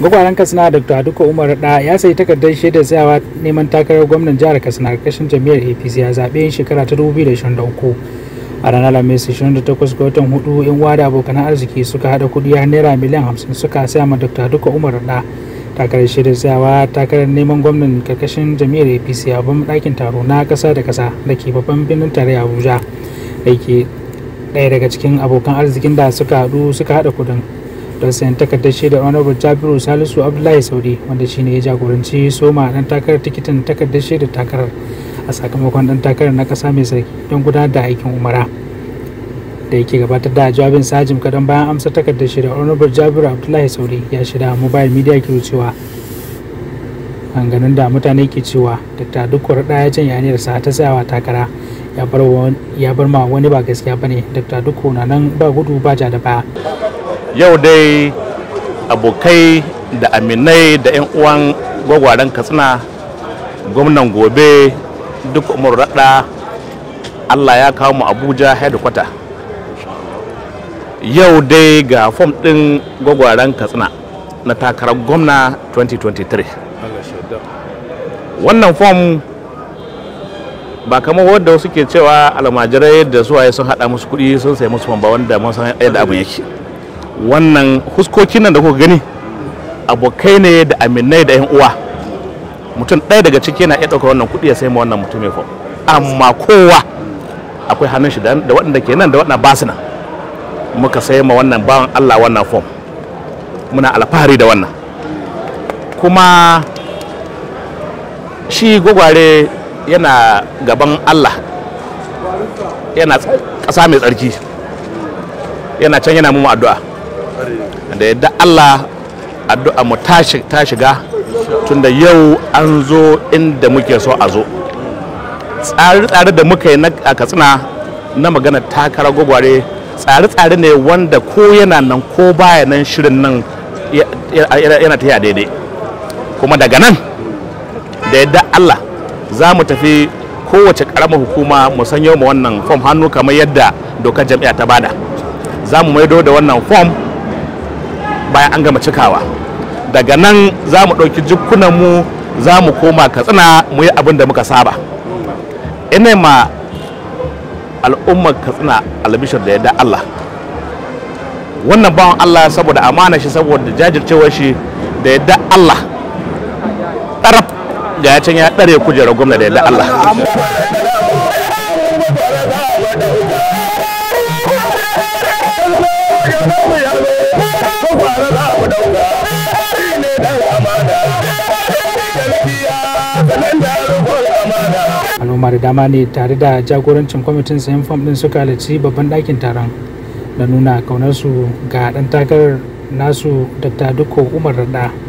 gwagwaran katsina dr aduka umar da ya sayi takardar shaidar tsayawa neman takarar gwamnan jihar katsina karkashin jami'ar apc a zaɓe shekara ta 2023 a ranar alhamis 28 ga watan hudu yan wada abokan arziki suka hada kuɗi har naira miliyan 50 suka saya ma dr aduka umar da takarar shaidar tsayawa takarar neman gwamnan karkashin jami'ar apc a babban ɗakin taro na ƙasa da ƙasa da ke babban birnin tarayya abuja da ke ɗaya daga cikin abokan arzikin da suka haɗu suka haɗa kuɗin. don sayan takardar shaidar honorable jabiru salisu abdullahi saudi wanda shine ya jagoranci soma dan takarar tikitin takardar shaidar takarar a sakamakon dan takarar na kasa mai sarki don gudanar da aikin umara da yake gabatar da jawabin sajim kadan bayan amsa takardar shaidar honorable jabiru abdullahi saudi ya shida mobile media ke cewa ganin da mutane ke cewa ya dukwar ɗaya jan sa ta tsayawa takara ya bar ma wani ba gaskiya bane ta duk na nan ba gudu ba ja da baya yau dai abokai da aminai da 'yan uwan gwagwaren katsina gwamnan gobe duk umar raɗa allah ya kawo mu abuja kwata yau dai ga fom ɗin gwagwaren katsina na takarar gwamna 2023 wannan fom ba kamar wadda suke cewa almajirai da suwaye sun hada musu kuɗi sun sai musu ba wanda mun san yadda abin yake wannan huskokin nan da kuka gani abokai ne da aminai da yan uwa mutum ɗaya daga ciki yana iya ɗaukar wannan kuɗi ya sai ma wannan mutum ya amma kowa akwai hannun shi da waɗanda ke nan da waɗanda ba su nan muka sai ma wannan bawan Allah wannan fom muna alfahari da wannan kuma shi gwagware yana gaban Allah yana ƙasa mai tsarki yana can yana mu addu'a da yadda Allah addu'a mu ta shiga tunda yau an zo inda muke so a zo tsare-tsare da muka yi a katsina na magana takara gwagware tsare-tsare ne wanda ko yana nan ko baya nan shirin nan yana tafiya daidai kuma daga nan da yadda Allah za mu tafi kowace karamar hukuma mu sanyo wannan fom hannu kamar yadda dokar jam'iyya ta bada za mu maido da wannan fom bayan an gama cikawa daga nan za mu ɗauki mu za mu koma katsina mu yi abin da muka saba ina ma al'ummar katsina albishir da yadda allah wannan bawan allah saboda amana shi saboda jajircewar shi da yadda allah ɗaraf ga ya can ya ɗare kujerar gwamna da yadda allah al'umma da dama ne tare da jagorancin kwamitin sayan fam din suka halarci babban ɗakin taron na nuna kaunarsu ga ɗan takarar nasu dr duka umar radda